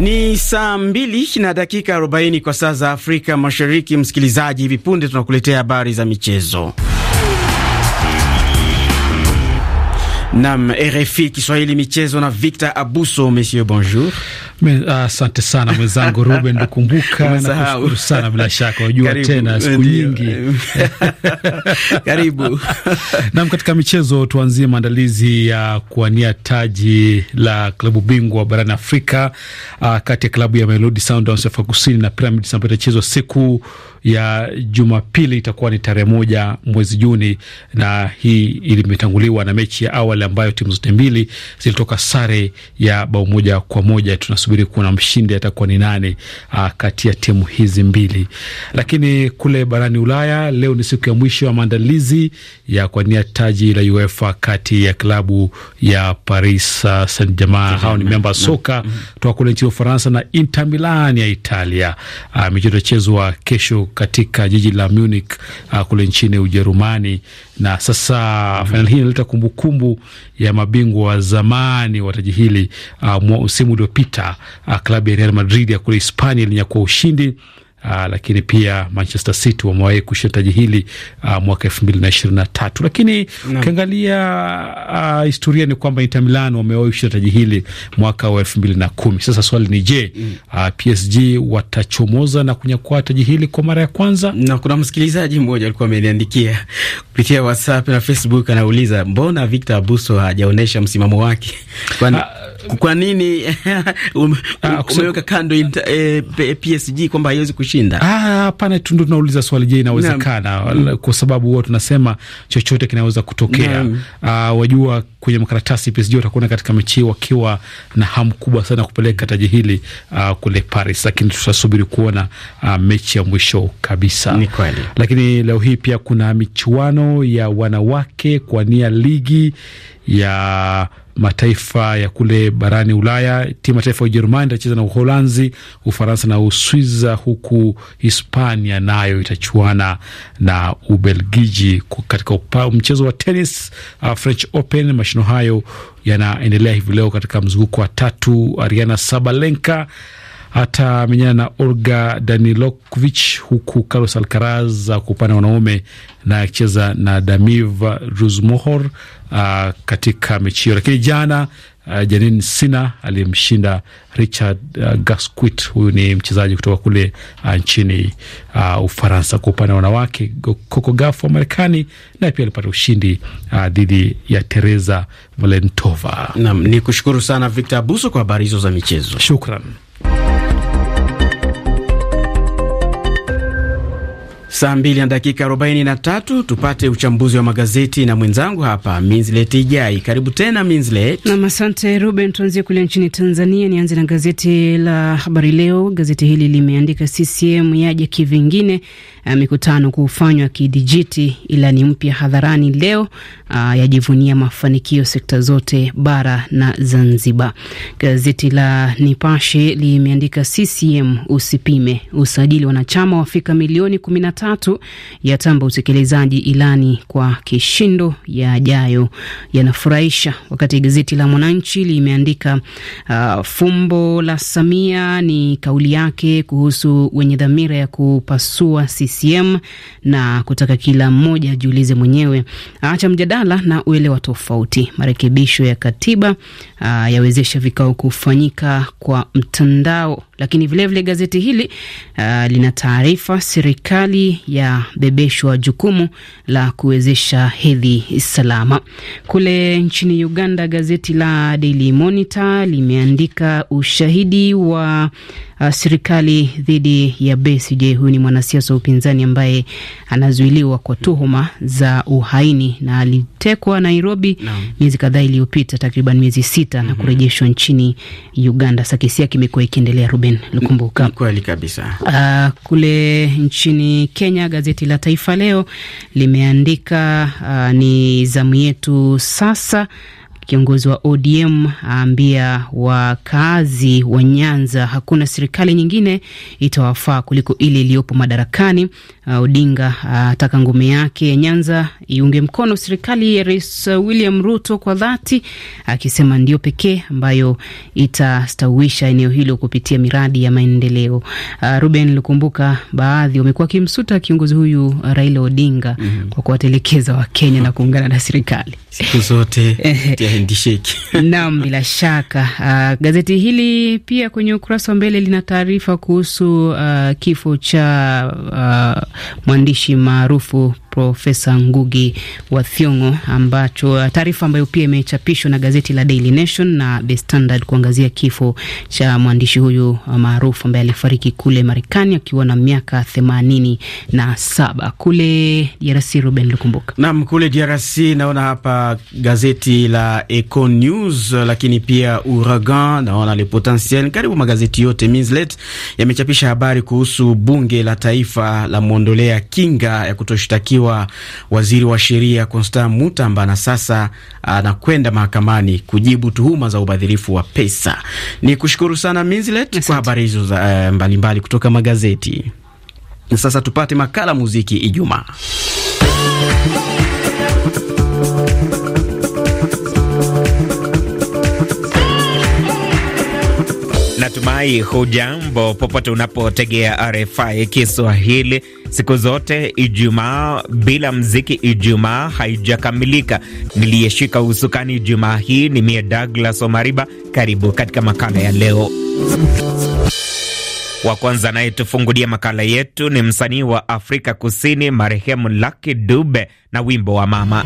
Ni saa mbili na dakika arobaini kwa saa za Afrika Mashariki. Msikilizaji, hivi punde tunakuletea habari za michezo. Nam RFI Kiswahili michezo na Victor Abuso. Monsieur, bonjour. Asante uh, sana mwenzangu Ruben dukumbuka nakushukuru sana bila shaka, wajua tena siku nyingi karibu nam. Katika michezo, tuanzie maandalizi ya uh, kuwania taji la klabu bingwa barani Afrika uh, kati ya klabu ya Mamelodi Sundowns ya Afrika Kusini na Pyramids ambayo itachezwa siku ya Jumapili itakuwa ni tarehe moja mwezi Juni, na hii ilimetanguliwa na mechi ya awali ambayo timu zote mbili zilitoka sare ya bao moja kwa moja. Tunasubiri kuona mshindi atakuwa ni nani ah, kati ya timu hizi mbili. Lakini kule barani Ulaya leo ni siku ya mwisho ya maandalizi ya kuania taji la UEFA kati ya klabu ya Paris Saint-Germain, hao ni memba soka mm-hmm. toka kule nchini Ufaransa na Inter Milan ya Italia. Ah, michezo itachezwa kesho katika jiji la Munich uh, kule nchini Ujerumani. Na sasa mm -hmm. fainali hii inaleta kumbukumbu ya mabingwa wa zamani wa taji hili. Uh, msimu uh, uliopita uh, klabu ya Real Madrid ya kule Hispania ilinyakua ushindi uh, lakini pia Manchester City wamewahi kushinda taji hili uh, mwaka elfu mbili na ishirini na tatu lakini ukiangalia uh, historia ni kwamba Inter Milan wamewahi kushinda taji hili mwaka wa elfu mbili na kumi Sasa swali ni je, mm. uh, PSG watachomoza na kunyakua taji hili kwa mara ya kwanza? Na kuna msikilizaji mmoja alikuwa ameniandikia kupitia WhatsApp na Facebook, anauliza mbona Victor Abuso hajaonyesha msimamo wake kwani kwa nini um, ah, um, umeweka kando inter, eh, PSG kwamba haiwezi kushinda? Ah, hapana, tu ndo tunauliza swali, je, inawezekana? kwa sababu huwa tunasema chochote kinaweza kutokea. Ah, wajua kwenye makaratasi PSG watakuwa katika mechi wakiwa na hamu kubwa sana kupeleka taji hili ah, kule Paris, lakini tutasubiri kuona ah, mechi ya mwisho kabisa. Ni kweli, lakini leo hii pia kuna michuano ya wanawake kuania ligi ya mataifa ya kule barani Ulaya. Timu ya taifa ya Ujerumani itacheza na Uholanzi, Ufaransa na Uswiza, huku Hispania nayo itachuana na Ubelgiji. Katika upa, mchezo wa tenis uh, French Open, Mashino hayo yanaendelea hivi leo katika mzunguko wa tatu. Ariana Sabalenka atamenyana na Olga Danilovic, huku Carlos Alcaraz kwa upande wa wanaume na akicheza na Damiv Rusmohor uh, ah, katika mechi hiyo. Lakini jana uh, ah, Janin Sina aliyemshinda Richard uh, ah, Gasquit, Huyu ni mchezaji kutoka kule uh, nchini uh, Ufaransa. Kwa upande wa wanawake, Coco Gauff wa Marekani naye pia alipata ushindi uh, dhidi ya Teresa Valentova. Nam ni kushukuru sana Victor Abuso kwa habari hizo za michezo, shukran. Saa mbili na dakika arobaini na tatu tupate uchambuzi wa magazeti na mwenzangu hapa Minslet Ijai. Karibu tena Minslet. Nam, asante Ruben. Tuanzie kule nchini Tanzania. Nianze na gazeti la Habari Leo. Gazeti hili limeandika CCM yaje kivingine, eh, mikutano kufanywa kidijiti, ilani mpya hadharani leo, ah, yajivunia mafanikio sekta zote bara na Zanzibar. Gazeti la Nipashe limeandika CCM usipime usajili wanachama wafika milioni kumi na tano tatu yatamba utekelezaji ilani kwa kishindo yajayo yanafurahisha. Wakati gazeti la Mwananchi limeandika uh, fumbo la Samia ni kauli yake kuhusu wenye dhamira ya kupasua CCM na kutaka kila mmoja ajiulize mwenyewe, acha mjadala na uelewa tofauti. Marekebisho ya katiba uh, yawezesha vikao kufanyika kwa mtandao lakini vilevile vile gazeti hili uh, lina taarifa serikali yabebeshwa jukumu la kuwezesha hedhi salama. Kule nchini Uganda, gazeti la Daily Monitor limeandika ushahidi wa uh, serikali dhidi ya Besigye. Huyu ni mwanasiasa wa upinzani ambaye anazuiliwa kwa tuhuma za uhaini na alitekwa Nairobi no. miezi kadhaa iliyopita, takriban miezi sita mm -hmm. na mhm. kurejeshwa nchini Uganda. Sakisi yake imekuwa ikiendelea. Ruben Lukumbuka, kweli kabisa. Uh, kule nchini Kenya gazeti la Taifa Leo limeandika uh, ni zamu yetu sasa Kiongozi wa ODM aambia wakazi wa Nyanza hakuna serikali nyingine itawafaa kuliko ile iliyopo madarakani. Uh, Odinga ataka uh, ngome yake ya Nyanza iunge mkono serikali ya Rais William Ruto kwa dhati, akisema uh, ndio pekee ambayo itastawisha eneo hilo kupitia miradi ya maendeleo. Uh, Ruben Lukumbuka, baadhi wamekuwa wakimsuta kiongozi huyu uh, Raila Odinga mm -hmm. kwa kuwatelekeza Wakenya na kuungana na serikali siku zote handisheki nam bila shaka. Uh, gazeti hili pia kwenye ukurasa wa mbele lina taarifa kuhusu uh, kifo cha uh, mwandishi maarufu Profesa Ngugi wa Thiong'o, ambacho uh, taarifa ambayo pia imechapishwa na gazeti la Daily Nation na The Standard kuangazia kifo cha mwandishi huyu uh, maarufu ambaye alifariki kule Marekani akiwa na miaka themanini na saba. Kule DRC, Ruben Lukumbuka. Naam, kule DRC naona hapa gazeti la Eco News, lakini pia Uragan, naona Le Potentiel, karibu magazeti yote Minslet yamechapisha habari kuhusu bunge la taifa la mwondolea kinga ya kutoshtakiwa akiwa waziri wa sheria Constant Mutamba, na sasa anakwenda mahakamani kujibu tuhuma za ubadhirifu wa pesa. Ni kushukuru sana Minzilet kwa habari hizo uh, mbalimbali kutoka magazeti. Na sasa tupate makala muziki Ijumaa. Natumai hujambo popote unapotegea RFI Kiswahili. Siku zote Ijumaa bila mziki, Ijumaa haijakamilika. Niliyeshika usukani Ijumaa hii ni mie Douglas Omariba. Karibu katika makala ya leo. Wa kwanza anayetufungulia makala yetu ni msanii wa Afrika Kusini, marehemu Lucky Dube na wimbo wa Mama.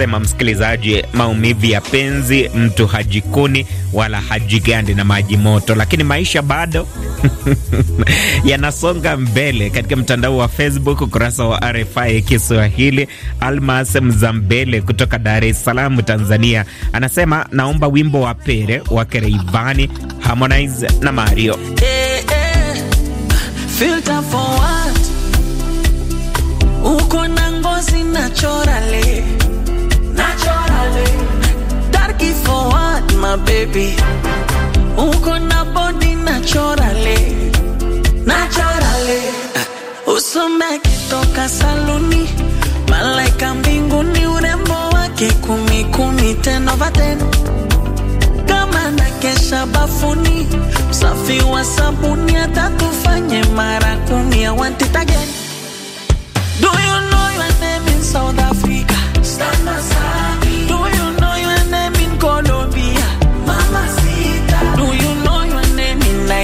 anasema msikilizaji, maumivu ya penzi mtu hajikuni wala hajigandi na maji moto, lakini maisha bado yanasonga mbele. Katika mtandao wa Facebook, ukurasa wa RFI Kiswahili, Almas Mzambele kutoka Dar es Salaam, Tanzania, anasema naomba wimbo wa Pere wa Kereivani, Harmonize na Mario. Hey, eh, eh, hey, filter for what? Uko na ngozi nachorale darki for what my baby, uko na body naturally naturally, usome kitoka saluni malaika mbinguni, urembo wake kumi kumi ten over ten, kama na kesha bafuni, usafi wa sabuni atatufanye mara kumi, I want it again. Do you know your name in South Africa? Stand aside.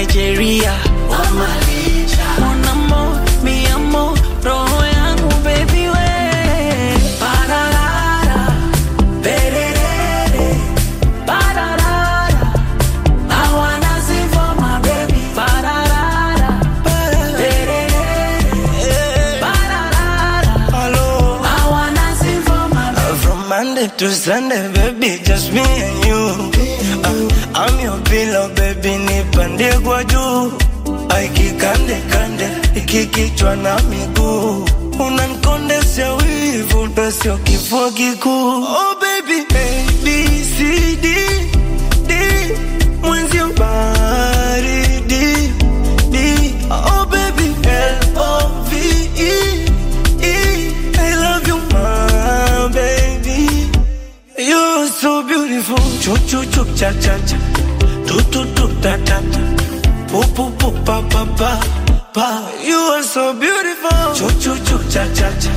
Nigeria. mi amo, yangu baby I wanna sing my baby. I wanna sing uh, From Monday to Sunday, baby, just me and you. Uh, I'm your pillow, baby Ndegwa juu aikikande kande ikikichwa na miguu unanikondesha wivu mpesio kifua kikuu oh, baby, oh, baby, e, e. CD, D, cha cha cha da da da. Poo poo poo pa pa pa pa. You are so beautiful. Choo choo choo cha cha cha.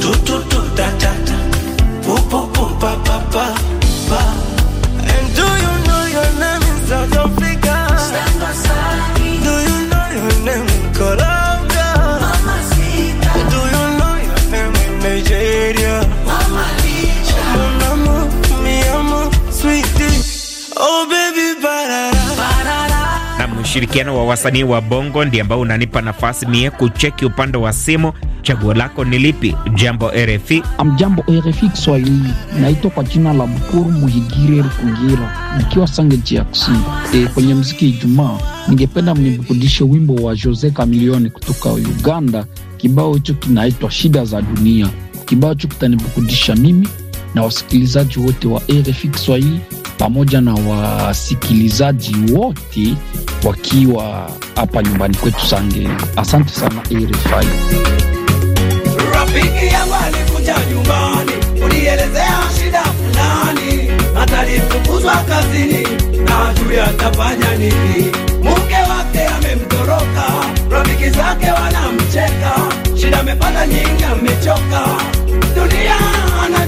Do do do da da da. Poo poo poo pa pa pa pa. And do you know your name is out your face? ushirikiano wa wasanii wa bongo ndiye ambao unanipa nafasi mie kucheki upande wa simu. Chaguo lako ni lipi? Jambo RFI. Amjambo RFI Kiswahili, naitwa kwa jina la Bukuru Muhigire Rukungira, nikiwa Sange Jackson. E, eh, kwenye mziki Ijumaa ningependa mnibukudishe wimbo wa Jose Kamilioni kutoka Uganda. Kibao hicho kinaitwa Shida za Dunia. Kibao hicho kitanibukudisha mimi na wasikilizaji wote wa RFI Kiswahili pamoja na wasikilizaji wote wakiwa hapa nyumbani kwetu Sange. Asante sana RFI. Rafiki yangu alikuja nyumbani, ulielezea shida fulani, atalifukuzwa kazini na ajui atafanya nini. Mke wake amemtoroka, rafiki zake wanamcheka, shida amepata nyingi, amechoka dunia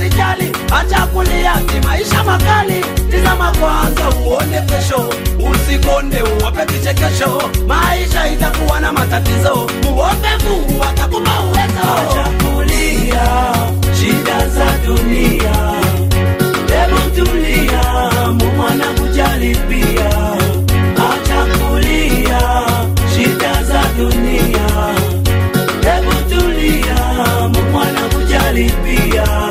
usijali, acha kulia, ni maisha makali. Tizama kwanza uone kesho, usikonde uope kichekesho. Maisha itakuwa na matatizo, muombe Mungu atakupa uwezo. Acha kulia shida za dunia, hebu tulia, Mungu anakujali pia. Acha kulia shida za dunia, hebu tulia, Mungu anakujali pia.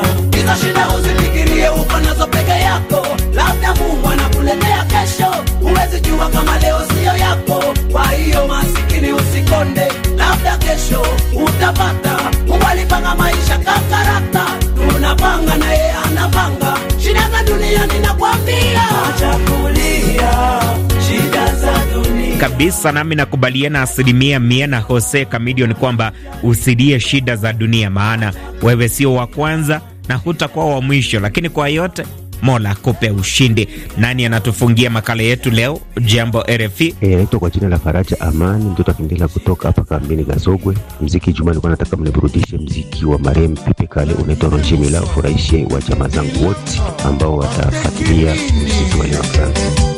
kabisa, nami nakubaliana asilimia mia na Jose Kamidion kwamba usidie shida za dunia, maana wewe sio wa kwanza na hutakuwa wa mwisho, lakini kwa yote Mola akupe ushindi. Nani anatufungia makala yetu leo? Jambo RFI. Hey, eh, naitwa kwa jina la Faraja Amani, mtoto akiendelea kutoka hapa kambini Gazogwe. Mziki juma nilikuwa nataka mniburudishe mziki wa marehemu Pipe Kale unaitwa Ronje Mila, ufurahishe wa jamaa zangu wote ambao watafuatilia mziki wa leo. Asante.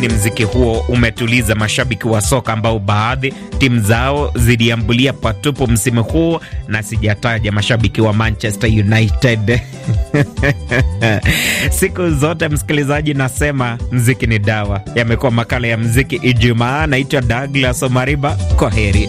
nini mziki huo umetuliza mashabiki wa soka ambao baadhi timu zao ziliambulia patupu msimu huo, na sijataja mashabiki wa Manchester United siku zote msikilizaji, nasema mziki ni dawa. Yamekuwa makala ya mziki Ijumaa. Naitwa Douglas Omariba, kwa heri.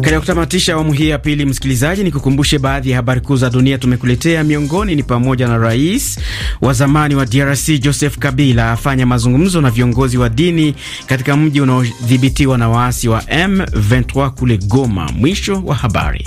Katika kutamatisha awamu hii ya pili, msikilizaji, ni kukumbushe baadhi ya habari kuu za dunia tumekuletea. Miongoni ni pamoja na rais wa zamani wa DRC Joseph Kabila afanya mazungumzo na viongozi wa dini katika mji unaodhibitiwa na waasi wa M23 kule Goma. Mwisho wa habari.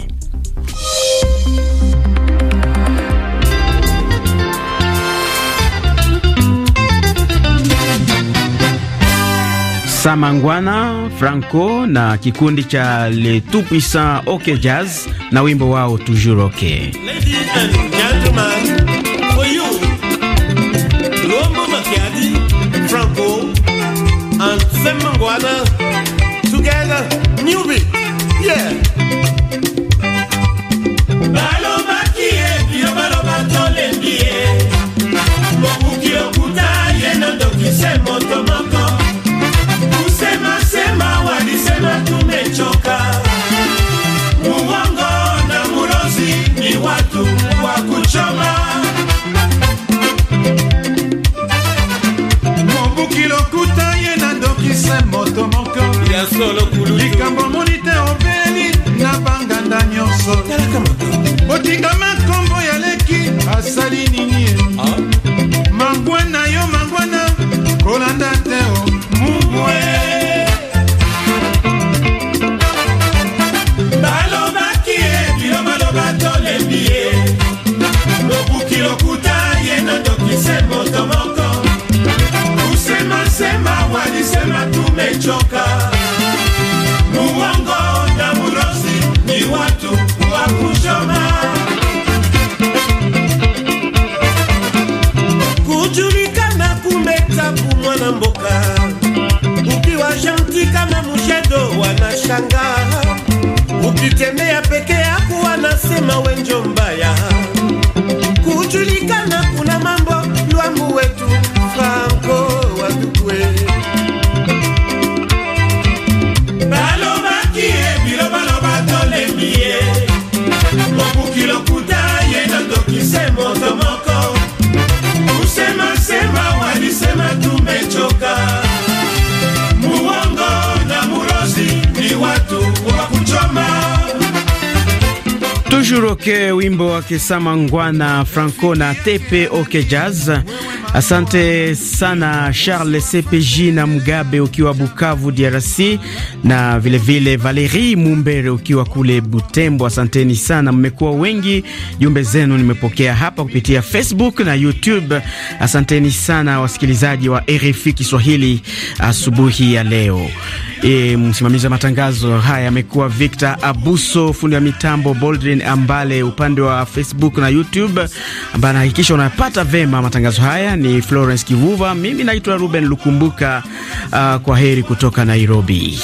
Samanguana Franco na kikundicha le tout puissant Ok Jazz na wimbowa o toujours okay. Ladies and gentlemen, for you, Lombe Maciadi, Franco and Samanguana together, music, yeah. kujitemea peke yako wanasema wenjo mbaya, kujulikana kuna mambo lwangu wetu Franco wadukwe balobakie bilobaloba tolemie mobuki moto moko walisema tumechoka Toujours ok, wimbo wa Kisama Ngwana Franco na Tepe Oke Jazz Asante sana Charles CPJ na mgabe ukiwa Bukavu DRC, na vilevile Valeri Mumbere ukiwa kule Butembo. Asanteni sana, mmekuwa wengi. Jumbe zenu nimepokea hapa kupitia Facebook na YouTube. Asanteni sana wasikilizaji wa RFI Kiswahili asubuhi ya leo. E, msimamizi wa matangazo haya amekuwa Victor Abuso, fundi wa mitambo Boldrin Ambale upande wa Facebook na YouTube, ambaye anahakikisha unayapata vema matangazo haya ni Florence Kivuva, mimi naitwa Ruben Lukumbuka. Uh, kwa heri kutoka Nairobi.